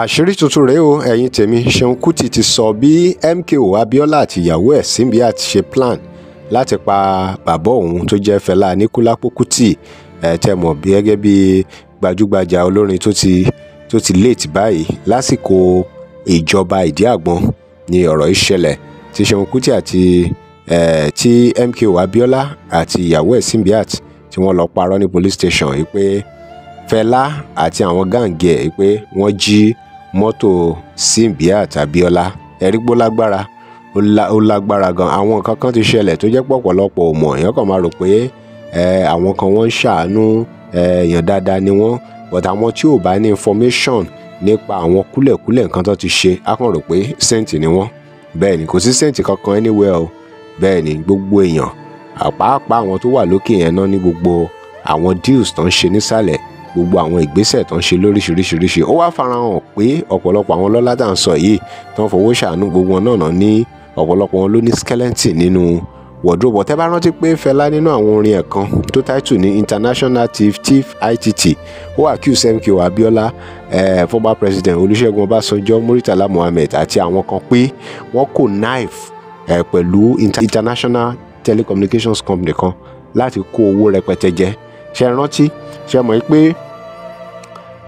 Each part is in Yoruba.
àṣírí tuntun rèé o ẹ̀yin tèmi Ṣeun Kútì ti sọ bí MKO Abiola àti ìyàwó ẹ̀ Simbiat ṣe plan láti pa bàbá òun tó jẹ́ Fẹlá Aníkúlápó Kútì ẹ̀ tẹ́ mọ̀ bí gẹ́gẹ́ bí gbajúgbajà olórin tó ti tó ti late báyìí lásìkò ìjọba ìdí àgbọn ni ọ̀rọ̀ yìí ṣẹlẹ̀ tí Ṣeun Kútì àti ẹ̀ MKO Abiola àti ìyàwó ẹ̀ Simbiat tí wọ́n lọ parọ́ ní police station yìí pé Fẹlá àti àwọn gáǹgì ẹ̀ pé wọ́n jí mọ́tò simbiat abiola ẹ̀rígbó lágbára ó lágbára gan àwọn nǹkan kan ti ṣẹlẹ̀ tó jẹ́ pọ̀pọ̀lọpọ̀ ò mọ̀ èèyàn kàn máa rò pé àwọn kan wọ́n ń ṣàánú èèyàn dáadáa ni wọ́n but àwọn tí ò bá ní information nípa àwọn kúlẹ̀kúlẹ̀ nǹkan tó ti ṣe á kàn rò pé saint ni wọ́n bẹ́ẹ̀ ni kò sí saint kankan anywhere o bẹ́ẹ̀ ni gbogbo èèyàn àpáàpá àwọn tó wà lókè yẹn náà ní gbogbo àwọn deals tó ń ṣe nísàlẹ̀ gbogbo àwọn ìgbésẹ̀ tó ń ṣe lóríṣiríṣiríṣi ó wá farahàn pé ọ̀pọ̀lọpọ̀ àwọn lọ́lá dà ń sọ yìí tó ń fowó ṣàánú gbogbo wọn náà ní ọ̀pọ̀lọpọ̀ wọn ló ní skeleton nínú wardrobe tẹ́ bá rántí pé Fẹlá nínú àwọn orin ẹ̀ kan tó title ní international thief thief itt ó accuse MK Abiola eh, former president Olúṣẹ́gun Ọbásanjọ́ Muritala Muhammed àti àwọn kan pé wọ́n kò knife eh, pẹ̀lú inter international telecommunications company kan láti kó owó rẹpẹtẹ jẹ ṣe rántí ṣe mọ̀ pé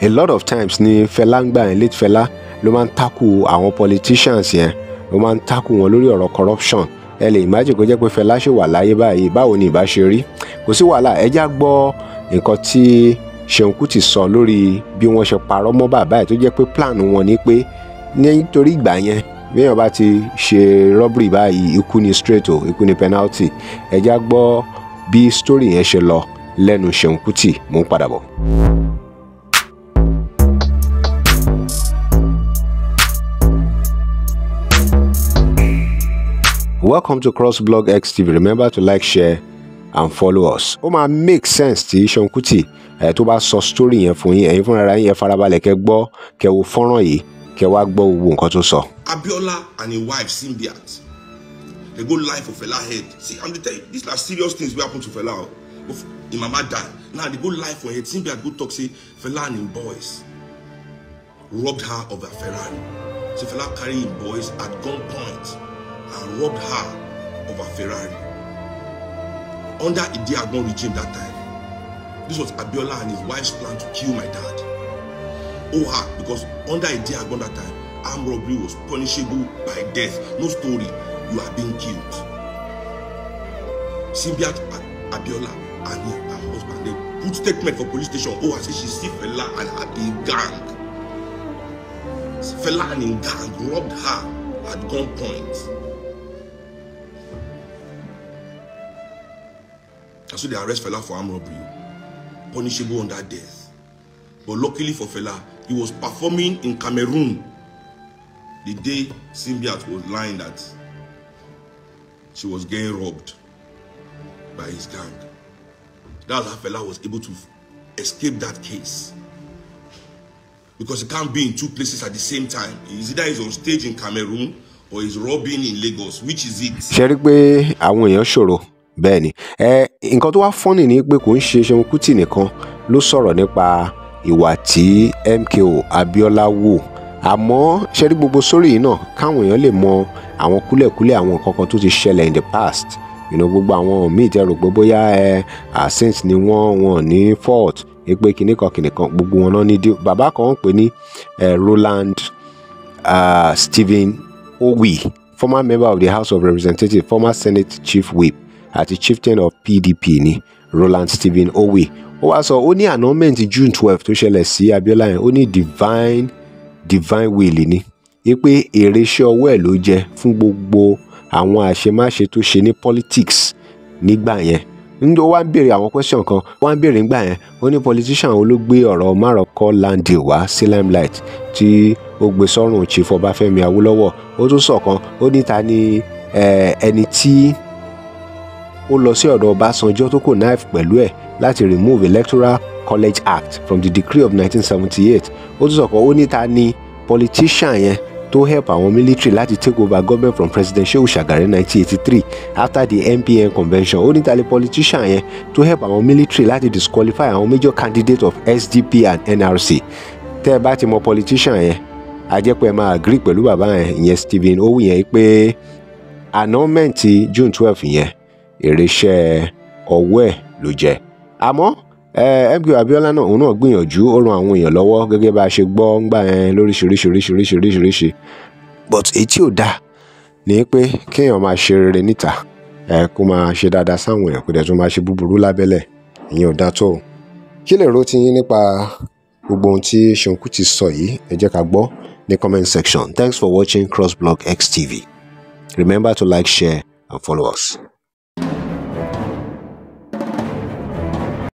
a lot of times ni Fẹlá ń gbà yẹn late Fẹlá ló máa ń takù àwọn politicians yẹn ló máa ń takù wọn lórí ọ̀rọ̀ corruption ẹ lè imagine kó jẹ́ pé Fẹlá ṣì wà láyé báyìí báwo ni ìbá ṣe rí kò sí wàhálà ẹ já gbọ́ nǹkan tí Ṣeun Kútì sọ lórí bí wọ́n ṣe parọ́ mọ́ bàbá ẹ̀ tó jẹ́ pé plan wọn ni pé nítorí ìgbà yẹn béèyàn bá ti ṣe robbery báyìí ikú ni straight o ikú ni penalty ẹ já gbọ́ bí story yẹn ṣe lọ lẹ́nu Ṣeun Kútì mò ń padà bọ̀. welcome to Cross Blog xtv remember to like share and follow us. ó máa make sense tí Seun Kuti ẹ̀ eh, tó bá sọ story yẹn fún yín ẹ̀yin fúnra yín ẹ farabalẹ̀ kẹ́ gbọ́ kẹ́ wo fọ́nrán yìí kẹ́ wá gbọ́ gbogbo nǹkan tó sọ. Abiola and his wife Simbiat dey go lie for Fela head see i'm dey tell you these na serious things wey happen to Fela o oh. im mama die now dey go lie for head Simbiat go talk say Fela and im boys robbed her of her Ferrari so Fela carry im boys at gunpoint and robbed her of her Ferrari under Idiagbon regime that time. This was Abiola and his wife's plan to kill my dad. Oh her because under Idiagbon that time, armed robbery was punishable by death. No story, you are being killed. Simbiat Abiola and her husband they put statement for police station. Oh, I say she see Fela and her big gang. Fela and him gang robbed her at gunpoint. And so they arrest Fela for armed robbery, punishable under death. But luckily for Fela, he was performing in Cameroon the day Simbiat was lying that she was getting robbed by his gang. That's how Fela was able to escape that case. Because he can't be in two places at the same time. He's either he's on stage in Cameroon or he's robbing in Lagos. Which is it? Ṣé rí pé àwọn èèyàn ṣòro bẹ́ẹ̀ ni ẹ nǹkan tó wá fọ́nì ni pé kò ń ṣe Ṣeun Kútì nìkan ló sọ̀rọ̀ nípa ìwà tí MKO Abiola wò àmọ́ ṣẹ́rí gbogbo sórí yìí náà káwọn èèyàn lè mọ àwọn kúlẹ̀kúlẹ̀ àwọn nǹkan kan tó ti ṣẹlẹ̀ in the past you know, gbogbo àwọn míì tẹ́ rò pé bóyá ẹ asint ni wọ́n wọn ní fault pé kìnnìkan kìnnìkan gbogbo wọn náà ní deal bàbá kan ń pè ní Roland uh, Stephen Owi former member of the House of Representatives former Senate Chief Whip àti chieftain of PDP ni Roland Stephen Owe ó wá sọ ó ní annulment June twelve tó ṣẹlẹ̀ sí Abiola yẹn ó ní divine divine will ni wípé èrè iṣẹ́ ọwọ́ ẹ̀ ló jẹ fún gbogbo àwọn àṣemáṣe tó ṣe ní politics nígbà yẹn ó wá ń béèrè àwọn question kan wá ń béèrè nígbà yẹn ó ní politician wo ló gbé ọ̀rọ̀ márọ̀kọ́ land deal wá sí limelight tí ó gbé sọ́rùn chief Ọbáfẹ́mi Awólọ́wọ̀ ó tún sọ̀kan ó ní ta ni eh, ẹni tí ó lọ sí ọ̀dọ̀ Ọbásanjọ́ tó kò knife pẹ̀lú ẹ̀ láti remove Electoral College Act from the decree of 1978 ó tún sọ̀kọ́ ó ní ni politician yẹn to help our military láti take over government from president Shehu Shagari 1983 after the NPN convention ó ní ta lè politician yẹn to help our military láti disqualify àwọn major candidates of SDP and NRC tẹ́ ẹ bá ti mọ politician yẹn àjẹpẹ́ máa agree pẹ̀lú bàbá yẹn ìyẹn Stephen Owu yẹn pé annulment June 12 yẹn irinṣẹ́ ọwọ́ ẹ̀ ló jẹ́ àmọ́ MKO Abiola náà òun náà gbìyànjú ó ran àwọn èèyàn lọ́wọ́ gẹ́gẹ́ bá a ṣe gbọ́ ń gbà yẹn lóríṣiríṣiríṣiríṣiríṣi but èyí tí ò dáa ni pé kéèyàn máa ṣe rere níta ẹ kó máa ṣe dáadáa sáwọn èèyàn kó dẹ̀ tún máa ṣe búburú lábẹ́lẹ̀ ìyẹn ò dáa tó o kí lèrò ti yín nípa gbogbo ohun tí Seun Kuti sọ yìí ẹ jẹ́ ká gbọ́ ní comment section thanks for watching crossblog xtv remember to like share and follow us.